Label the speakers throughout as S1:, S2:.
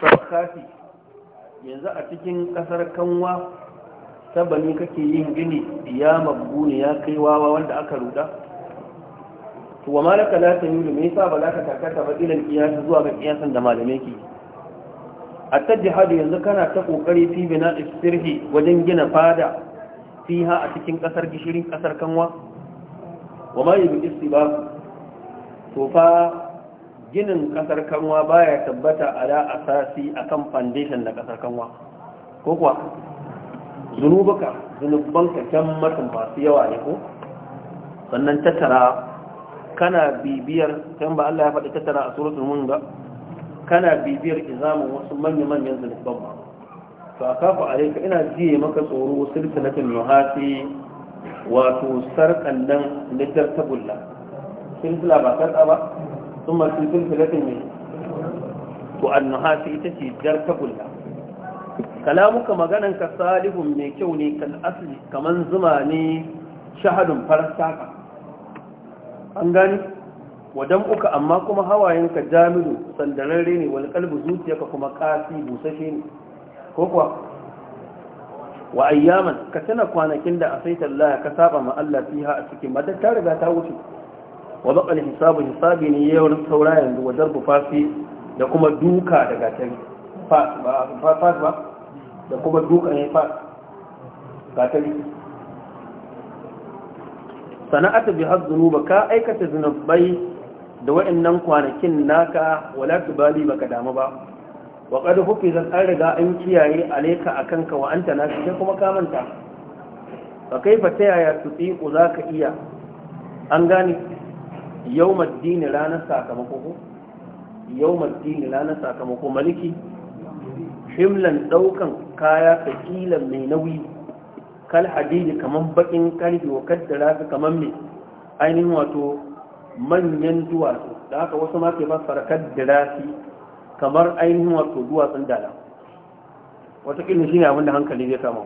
S1: sarkafi yanzu a cikin kasar kanwa ta bani kake yin gini ya mabbu ne ya kai wawa wanda aka ruda to wa malaka la ta yulu me yasa ba za ka ba ilan qiyas zuwa ga qiyasan da malamai ke at-tajhad yanzu kana ta kokari fi bina istirhi wajen gina fada ha a cikin kasar gishirin kasar kanwa wa ma yubi istibab to fa ginin kasar kanwa baya tabbata a da asasi akan foundation da kasar kanwa ko kuwa zunubuka zunubanka can matan masu yawa ne ko sannan tattara kana bibiyar kan ba Allah ya faɗi tattara a suratul mun kana bibiyar izamin wasu manya-manyan zunuban ba to a kafa alaika ina jiye maka tsoro silsilatul hafi, wato sarkan nan na jartabulla silsila ba sarka ba sun masu sun fi ku an na ita ce jar ta kula kalamuka maganan ka salihun mai kyau ne kan asali kamar zuma ne shahadun farar taka an gani wadan uka amma kuma hawayenka ka jamilu sandararre ne wani kalbu zuciya ka kuma kasi busashe ne ko kuwa wa ayyaman katana kwanakin da a asaitallahi ka saba ma Allah fiha a cikin madatar da ta wuce wa baqal hisabu hisabi ne na saura yanzu wajen bufafi da kuma duka daga can fas ba da kuma duka ne fas gatari sana'ata bi zunuba ka aikata zunubai da waɗannan kwanakin naka wala tubali baka damu ba wa hufi zan an riga an kiyaye a kanka wa anta na shi kuma ka manta fa ba ta yaya su za ka iya an gane yawmad dini ranar sakamako ko yawmad dini ranar sakamako maliki himlan daukan kaya ta kilan mai nauyi kal hadidi kaman bakin kalbi wa kaddara ka kaman mai ainihin wato manyan duwatsu da haka wasu ma ke fassara kaddara shi kamar ainihin wato duwatsun dala watakila shi ne abin da hankali zai kama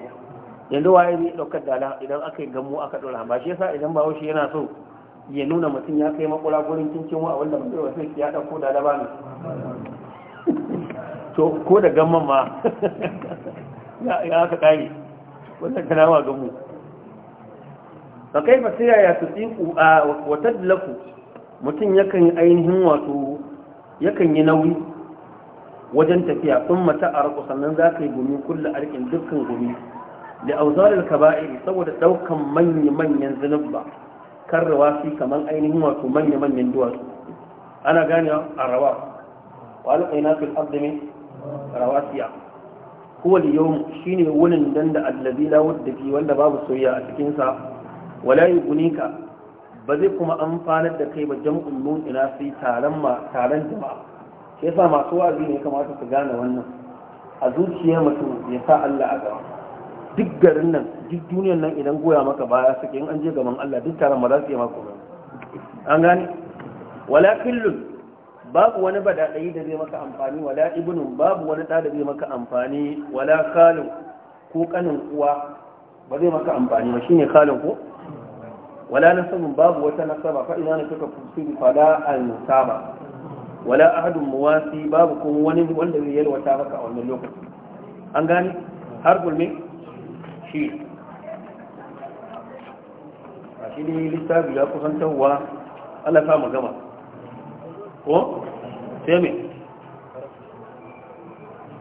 S1: yanzu waye ne ɗaukar dala idan aka yi gamu aka ɗora ba shi yasa idan ba shi yana so ya nuna mutum ya kai makura gurin cincin wa wanda mutum wasu ya ɗauko da laba ne to ko da gamman ma ya aka ƙari wannan kana wa gamu fa ba sai ya tsiku a wata dalaku mutum yakan ainihin wato yakan yi nauyi wajen tafiya sun mata a rako sannan za ka yi gumi kulle arkin dukkan gumi da auzarar kaba'iri saboda ɗaukan manya-manyan zunubba karrawa fi kamar ainihin wato manya-manyan duwatsu ana gane a rawa wa alƙaina fil abdami rawasiya huwa al-yawm shine wunin dan da allazi la wadda fi wanda babu soyayya a cikin sa wala yugunika ba zai kuma amfanar da kai ba jam'un nun ina fi taron ma taron jama'a sai yasa masu wa'azi ne kamata su gane wannan a zuciyar mutum ya sa Allah a gaba duk garin nan duk duniyar nan idan goya maka baya suke yin an je gaban Allah duk taron ma za su yi maka ba an gane wala kullun babu wani badadai da zai maka amfani wala ibnun babu wani da zai maka amfani wala kalin ko kanin uwa ba zai maka amfani ba shine kalin ko wala nasabun babu wata nasaba fa ina ne suka fusi fada an saba. wala ahadun muwasi babu kuma wani wanda zai yalwata maka a wannan lokaci an gane har gulme shi shi littafi ya kusan tahuwa Allah gama ko sai me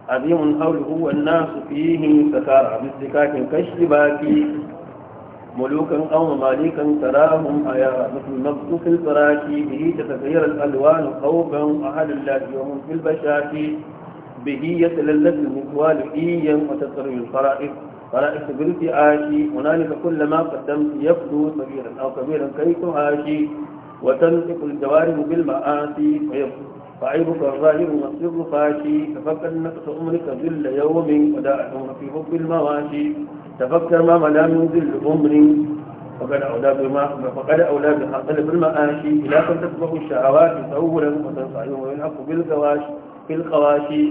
S1: azimun hawluhu wan nasu fihi sakara mistikakin kashi baki ملوكا أو مماليكا تراهم أيا مثل مبسوط الفراش به تتغير الألوان خوفا أهل الله يوم في البشاش به يتلذذ المكوال إيا وتطري الخرائف فلا استقبلت آشي هنالك كلما قدمت يبدو صغيرا أو كبيرا كي تعاشي وتنطق الجوارب بالمآسي فعيبك الظاهر والسر فاشي تفكر نفس أمرك ذل يوم وداع في حب المواشي تفكر ما ملا من ذل أمري فقد أولى بما فقد أولى بحقل بالمآشي لا تتبع الشهوات تأولا وتنصعهم وينحق بالقواشي في القواشي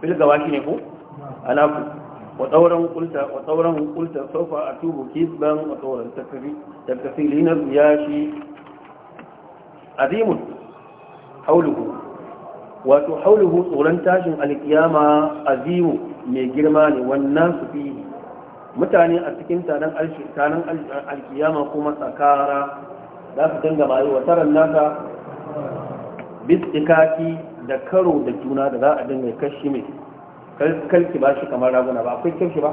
S1: في القواشي نقول أنا أقول وطورا قلت وطورا قلت سوف أتوب كذبا وطورا تكفي لنا الرياشي عظيم حوله وتحوله طولا تاشن القيامة عظيم من جرمان والناس فيه mutane a cikin taron alkiyama kuma tsakara za su dinga bayi wa taron nasa bis da karo da juna da za a dinga kashi mai kalki ba shi kamar raguna ba akwai kyamshi ba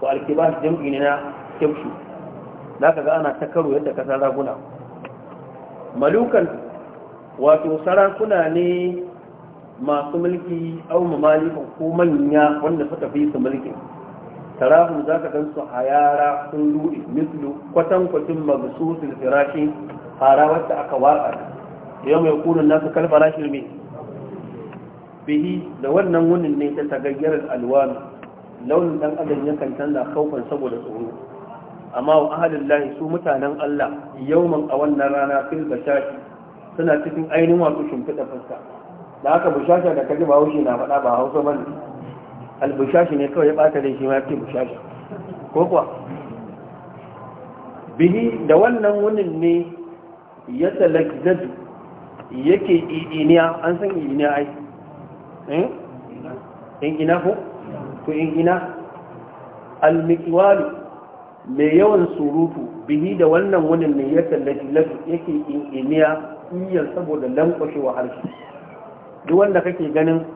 S1: to alkibash jam'i ne na kyamshi za ka ga ana ta karo yadda ka san raguna malukan wato sarakuna ne masu mulki au mamalikan ko manya wanda suka fi su mulki. tarahun za ka gansu a yara sun ruɗe mislu kwatankwacin magasusul firashi fara wacce aka watsa yau mai kunun nasu rashin mai bihi da wannan wunin ne ta tagayyar alwan launin dan adam kan canza kaufan saboda tsoro amma wa ahalin lahi su mutanen Allah yawman a wannan rana fil bashashi suna cikin ainihin wato shimfiɗa fuska da haka bushasha da kaji ba haushi na faɗa ba hausa bane albushashi ne kawai ya ɓata da shi ma fi bushasha ko kuwa bihi da wannan wunin ne ya talakzadu yake iniya an san iniya ai Eh? in ina ko to in ina almikiwalu mai yawan surutu bihi da wannan wani mai ya tallafi lafi yake in iniya iyan saboda lankwashe wa harshe duk wanda kake ganin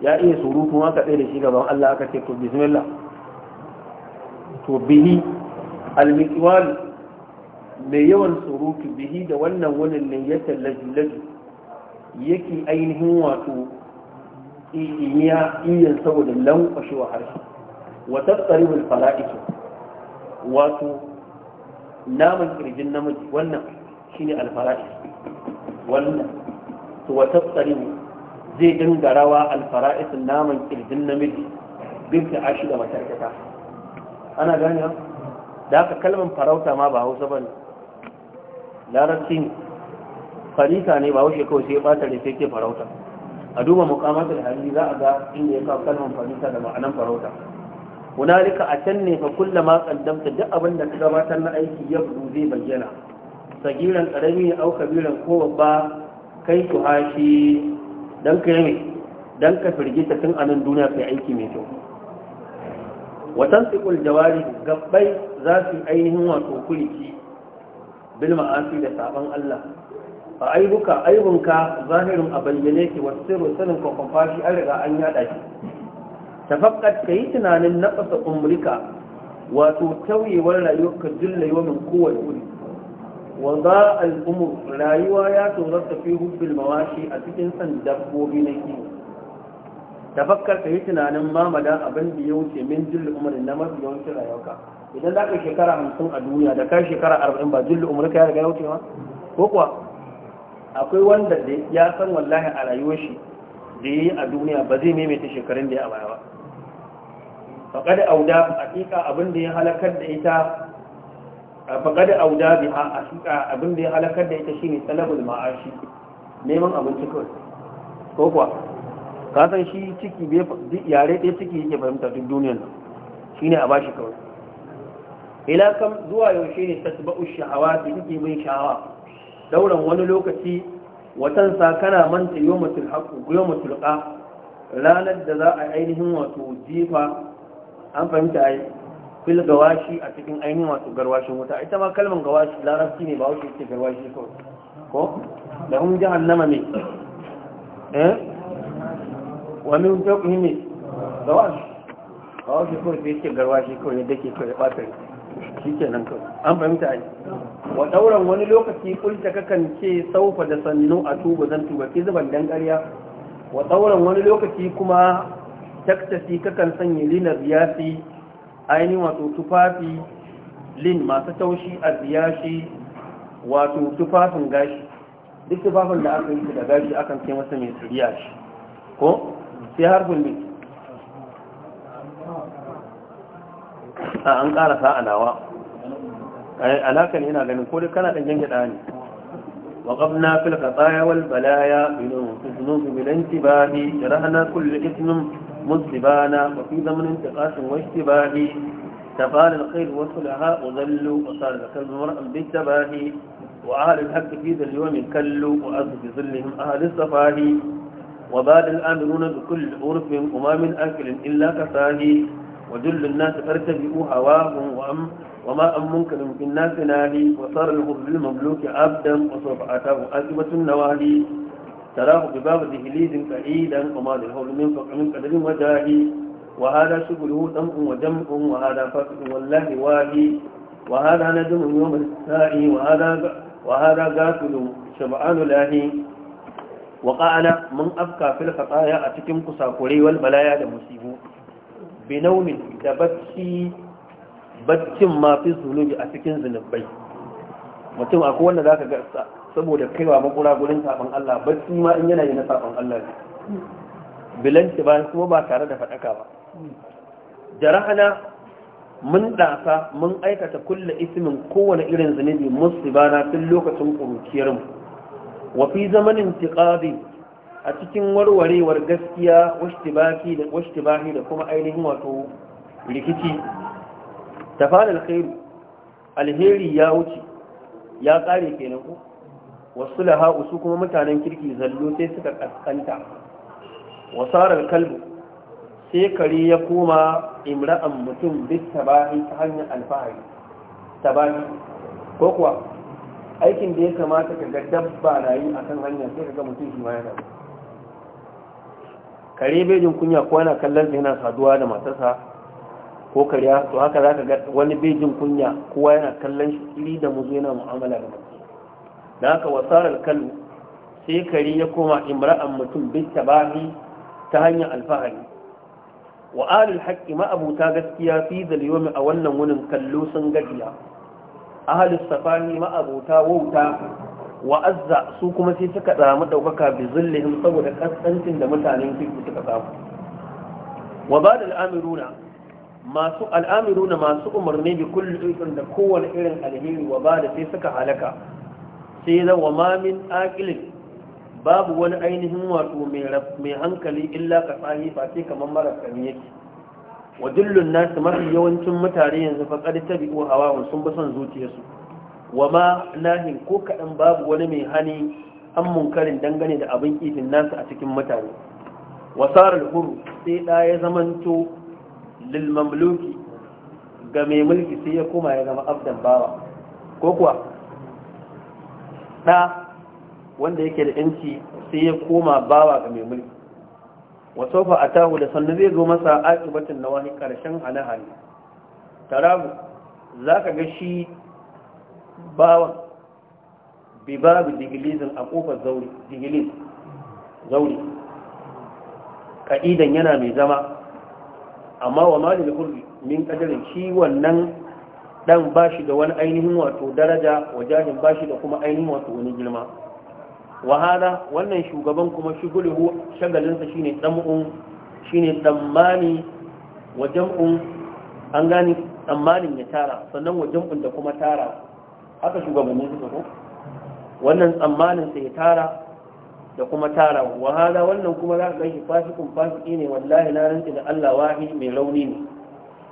S1: ya iya surutu maka ɗaya da shi gaban Allah aka ce to bismillah to bihi almikiwalu mai yawan surutu bihi da wannan wani mai ya tallafi lafi yake ainihin wato iya iyan saboda lankwashewa harshe wa tattaribul fala'iku wato naman kirjin namiji wannan shine alfara'i wannan to wa tattaribu zai dinga rawa alfara'isin naman kirjin namiji binta ashi da matarkata ana gani da haka kalmar farauta ma ba hausa ba ne larabci Farisa ne ba haushe kawai sai ya ɓata da sai ke farauta a duba muqamatul hanji za a ga inda ya kawo kalmar farisa da ma'anan farauta hunalika a can ne fa kullama qaddamta duk abin da ka gabatar na aiki ya zai bayyana sagiran karami au kabiran ko babba kai ku hashi dan kai mai dan ka firgita tun anan duniya kai aiki mai kyau watan tsikul jawari gabbai za su ainihin wato kulki bil ma'asi da saban Allah A aibuka aibunka zahirin a bayyane ki wasu sirrin sanin kwakwafa shi an riga an yada shi Ta tafakkat ka yi tunanin na naƙasa umrika wato tauyewar rayuwarka julla yau min kowane wuri wa za al'umur rayuwa ya tsorata fi hubbil mawashi a cikin san dabbobi na kiwo tafakkar ka yi tunanin mamadan abin da ya wuce min julla umarin na mafi yawancin rayuwarka idan za ka shekara hamsin a duniya da ka shekara arba'in ba julla ka ya riga ya wuce ma ko kuwa akwai wanda ya san wallahi a rayuwar shi da yi a duniya ba zai maimaita shekarun da ya baya ba faƙad auda hakika abin da ya halakar da ita faƙad auda bi a hakika abin da ya halakar da ita shine talabul ma'ashi neman abinci kawai ko kuwa ka san shi ciki yare ɗaya ciki yake fahimta duk duniyar nan shine a bashi kawai ila kam zuwa yaushe ne tasba'u shahawati kike bin shahawa dauran wani lokaci watan sa kana manta yawmatul haqu yawmatul qa ranar da za a ainihin wato jifa an fahimta ai fil gawashi a cikin ainihin wato garwashin wuta ita ma kalmar gawashi larabci ne ba wuce ce garwashi ko ko da hun jahannama ne eh wa min fawqihim gawashi gawashi ko ce garwashi ko yadda ke ko ya bata shikenan kawai an fahimta ai wa dauran wani lokaci kulta kakan ce saufa da sannu a tuba zan tuba ke zuban dan ƙarya wa dauran wani lokaci kuma taktasi kakan sanya lina ziyasi ainihin wato tufafi lin masu taushi a ziyashi wato tufafin gashi duk tufafin da aka yi da gashi akan ce masa mai tsiriya shi ko sai harfin mai أن a an ƙara sa'a nawa هنا eh, ne ina ganin ko dai kana في gyangyaɗa والبلايا وقبنا في الخطايا والبلايا بذنوب بالانتباه كل اسم مذبانا وفي زمن انتقاص واشتباه تفال الخير وصلها وظلوا وصار ذكر المرأة بالتباهي وأهل الحق في ذا اليوم كلوا وأرض ظلهم أهل الصفاهي وبال الآمرون بكل عرف وما من أكل إلا كفاهي وجل الناس فارتبئوا هواهم وأم وما أم منكر في الناس ناهي وصار له بالمملوك عبدا وسوف أتاه آجبة النواهي تراه بباب ذهليد بعيدا وما للهول من فقع من قدر وجاهي وهذا شغله دمء ودمء وهذا فاسد والله واهي وهذا ندم يوم الساعي وهذا وهذا قاتل شبعان لاهي وقال من أبكى في الخطايا أتكم كساكري والبلايا لمسيبو binaumin da bacci baccin mafi zunubi a cikin zunubai mutum akwai wanda za ka ga saboda kaiwa makura gurin sabon Allah bacci ma in yana yi na sabon Allah ne bilanci ba kuma ba tare da faɗaka ba jarahana mun ɗasa mun aikata kulle ismin kowane irin zunubi musibana tun lokacin ƙuruciyarmu wa fi zamanin tiƙadi a cikin warwarewar gaskiya washtibahi da kuma ainihin wato rikici ta fara alheri alheri ya wuce ya tsare kenan ku wasu laha'u su kuma mutanen kirki zallo sai suka kaskanta wasarar kalbu sai kare ya koma imra'an mutum duk tabahi ta hanyar alfahari tabahi ko kuwa aikin da ya kamata ka ga dabba na yi a kan hanyar sai ka ga mutum shi ma yana kare bai jin kunya ko yana kallon sa yana saduwa da matarsa ko kariya to haka zaka ga wani bai jin kunya kowa yana kallon shi iri da muzu yana mu'amala da mace da haka wasar alkalu sai kare ya koma imra'an mutum bi tabahi ta hanyar alfahari wa alil haqqi ma abuta gaskiya fi zal yawmi a wannan wunin kallo sun gajiya ahlus safani ma abuta wauta wa azza su kuma sai suka samu daukaka bi zullihim saboda kasancin da mutanen kirki suka samu wa ba da al'amiruna masu al'amiruna masu umarni bi kulli irin da kowane irin alheri wa ba da sai suka halaka sai zan wa aqilin babu wani ainihin wato mai hankali illa ka tsani ba sai kamar mara kami yake wa dullun nasu mafi yawancin mutane yanzu fa kadi tabi'u hawa sun bi son zuciyarsu wa ma nahin ko kaɗan babu wani mai hani an munkarin dangane da abin kifin nasa a cikin mutane wasarar huru sai ɗa ya zamanto lilmamluki ga mai mulki sai ya koma ya zama abdan bawa ko kuwa ɗa wanda yake da yanci sai ya koma bawa ga mai mulki wasu a tahu da sannu zai zo masa akibatin na wani ƙarshen hane-hane tarabu za ka ga shi bawan bi babu digilizin a kofar zauri digiliz zauri ka'idan yana mai zama amma wa malil kurbi min kadarin shi wannan dan bashi da wani ainihin wato daraja wajahin bashi da kuma ainihin wato wani girma Wahala wannan shugaban kuma shigulihu shagalinsa shine tsam'un shine tsammani wa jam'un an gani tsammanin ya tara sannan wa jam'un da kuma tara haka shugabannin suka ko wannan tsammanin sai tara da kuma tara wa wannan kuma za ka gashi fasikun fasiki ne wallahi na rantsi da Allah wahi mai rauni ne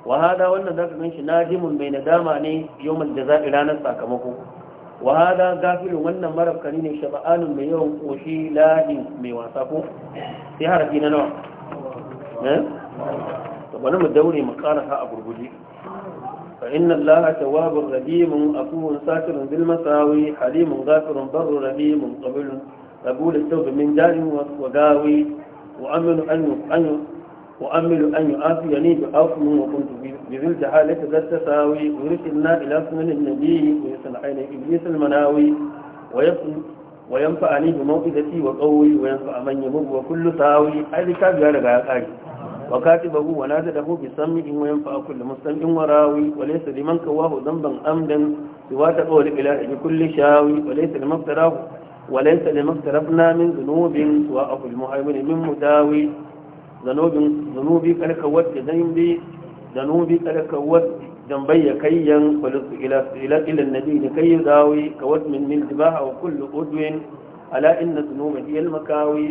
S1: wa wannan za ka ganshi nadimun mai nadama ne mai da zaɓi ranar sakamako wa hada gafilun wannan marafkani ne shaba'anun mai yawan koshi lahi mai wasa ko sai harafi na nawa eh to bari mu daure mu karasa a gurguje فإن الله تواب رحيم أفو ساكر بالمساوي حليم غافر بر رحيم قبل قبول التوب من جار وقاوي وأمل أن أن وأمل أن يعافيني بعفو وكنت بذي الجهالة ذا التساوي ويرسلنا إلى سنن النبي ويصنعين إبليس المناوي ويصنع وينفعني بموئدتي وقوي وينفع من يمر وكل ساوي هذه لك يا رجال وكاتبه ونازله بسمع وينفع كل مسلم وراوي وليس لمن كواه ذنبا أمدا سوى تقول إله بكل شاوي وليس لمن افتراه وليس لما اقترفنا من ذنوب سواء في المهيمن من مداوي ذنوب ذنوبي كلك ود ذنبي ذنوبي كلك ود ذنبي كيا ولص إلى إلى إلى النبي لكي يداوي كوت من من جباح وكل أدو ألا إن الذنوب هي المكاوي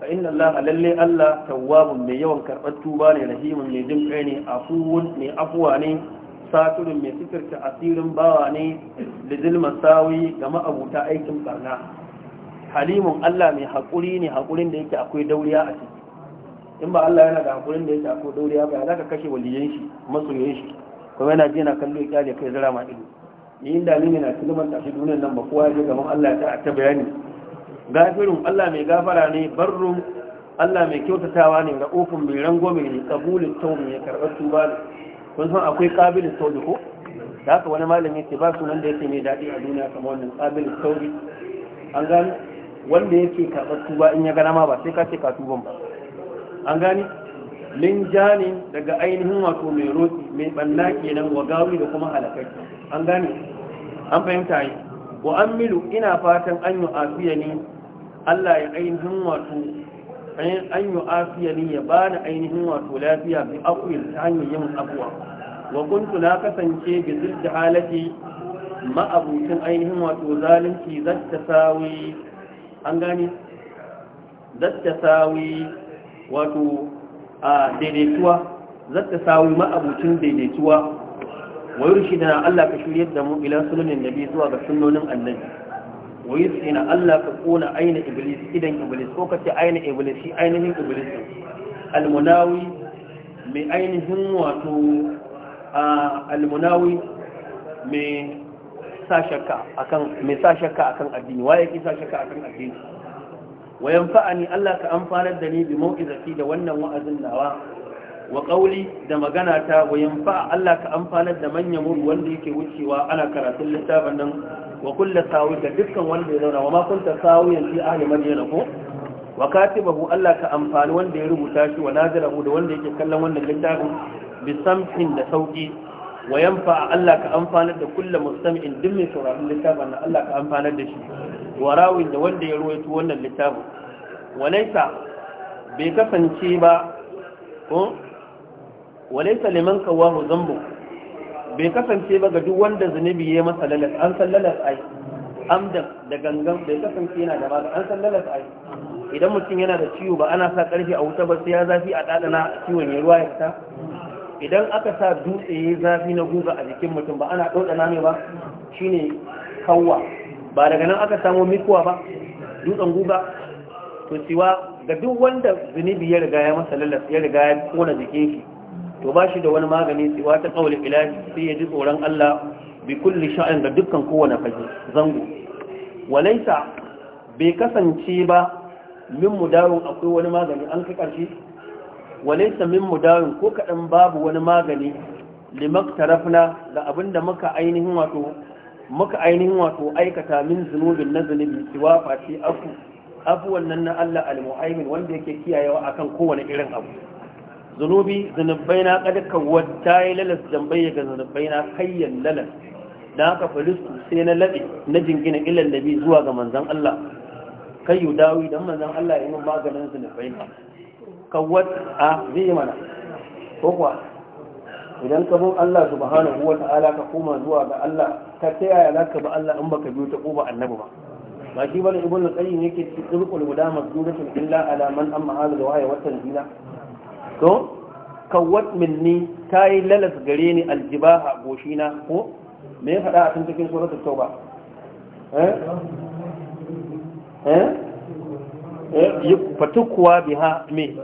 S1: fa inna Allah lalle Allah tawwabun mai yawan karɓar tuba ne rahimun mai jin kai ne afuwun mai afuwa ne saturin mai sitirta asirin bawa ne da zilma sawi ga ma'abuta aikin barna halimun Allah mai haƙuri ne haƙurin da yake akwai dauriya a ciki in ba Allah yana da haƙurin da yake akwai dauriya ba za ka kashe waliyan shi masoyan shi kuma yana jina kallo ya kyale kai zira ma ido ni inda ni ne na tilman shi duniyar nan ba kowa ya ga Allah ta ta bayani gafirun Allah mai gafara ne barrun Allah mai kyautatawa ne ofin mai rangwame ne kabulin taunin ya karɓar tuba ne kun san akwai ƙabilin tauni ko da haka wani malami yake ba sunan da yake mai daɗi a duniya kamar wannan ƙabilin tauni an gani wanda yake karɓar tuba in ya gana ma ba sai ka ce ka tuban ba an gani linjani daga ainihin wato mai roƙi mai ɓanna kenan wa gawi da kuma halakai an gani an fahimta yi wa an milu ina fatan an yi afiya ne Allah ya ainihin wato eh, an yi afiya ne ya bani ainihin wato lafiya bi akwai ta hanyar yin abuwa wa kuntu na kasance bi zidda halati ma'abucin ainihin wato zalunci zatta sawi an gani zatta sawi wato a daidaituwa zatta sawi ma'abucin daidaituwa wa yurshi da Allah ka shiryar da mu ila sunanin nabi zuwa ga sunnonin annabi wayis ina Allah ka kona aina iblis idan iblis ko kace aina iblis shi ainihin iblis almunawi mai ainihin wato almunawi mai sa shakka akan addini waye ki sa shakka akan addini wayan fa'ani Allah ka amfanar da ni bi mau'izati da wannan wa'azin nawa wa ƙauli da magana ta wayan fa Allah ka amfanar da manyan muru wanda yake wucewa ana karatun littafin nan wa kulla sawi da dukkan wanda ya zauna wa ma kunta sawi a ahli madina ko wa katibahu Allah ka amfani wanda ya rubuta shi wa mu da wanda yake kallon wannan littafin bi samhin da sauki wa yanfa Allah ka amfanar da kulla mustami'in duk mai sauraron littafin nan Allah ka amfanar da shi wa rawin da wanda ya ruwaito wannan littafin wa laisa bai kasance ba ko walaysa liman kawahu zambu bai kasance ba ga duk wanda zunubi ya masa lalas an san lalas ai amdan da gangan bai kasance yana da ba an san lalas ai idan mutum yana da ciwo ba ana sa karfi a wuta ba sai ya zafi a dadana ciwon ya ruwa ya fita idan aka sa dutse ya zafi na guga a jikin mutum ba ana dodana ne ba shine kawwa ba daga nan aka samu mikuwa ba dutsen guga to ciwa ga duk wanda zunubi ya riga ya masa lalas ya riga ya kona jikin shi to ba shi da wani magani tsiwa ta ƙaunin ilahi sai ya ji tsoron Allah bi kulli sha'in da dukkan kowane fage zango walaisa bai kasance ba min dawo akwai wani magani an ka ƙarshe walaisa min dawo ko kaɗan babu wani magani tarafna da da muka ainihin wato muka ainihin wato aikata min zunubin na zunubi tsiwa Fati, afu afuwan nan na Allah al-mu'aymin wanda yake kiyayewa akan kowane irin abu zunubi zunubai na ƙarƙa wata ya lalas jambai bayyaga zunubai na kayyar lalas da haka falistu sai na laɓe na jingina ilan da bi zuwa ga manzan Allah kai yi dawi don manzan Allah ya yi maganin zunubai na Kawar a zai mana ko kuwa idan ka bin Allah subhanahu wa ta'ala ka koma zuwa ga Allah ka ta yaya za ka bi Allah in baka biyu ta ƙoba annabi ba ba shi bane ibn al-qayyim yake cikin qulul guda mazduratun illa ala man amma hadha wa hiya wa tanzila to kawwat minni ta yi lalas gare ni aljibaha goshina ko me ya faɗa a tun cikin suratul tauba eh eh, eh fatukuwa biha me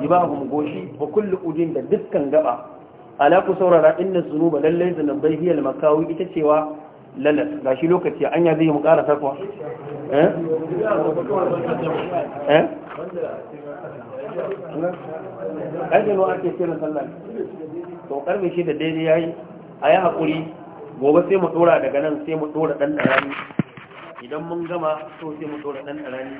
S1: jibahum goshi wa kullu udin da dukkan gaba ala ku saurara inna zunuba lallai bai hiyar makawai ita cewa lalas Ga shi lokaci anya zai mu ƙara farko. eh eh ƙarfe nawa ake kiran sallah to ƙarfe shi da daidai yayi a yi haƙuri gobe sai mu ɗora daga nan sai mu ɗora ɗan ɗarani idan mun gama so sai mu ɗora ɗan ɗarani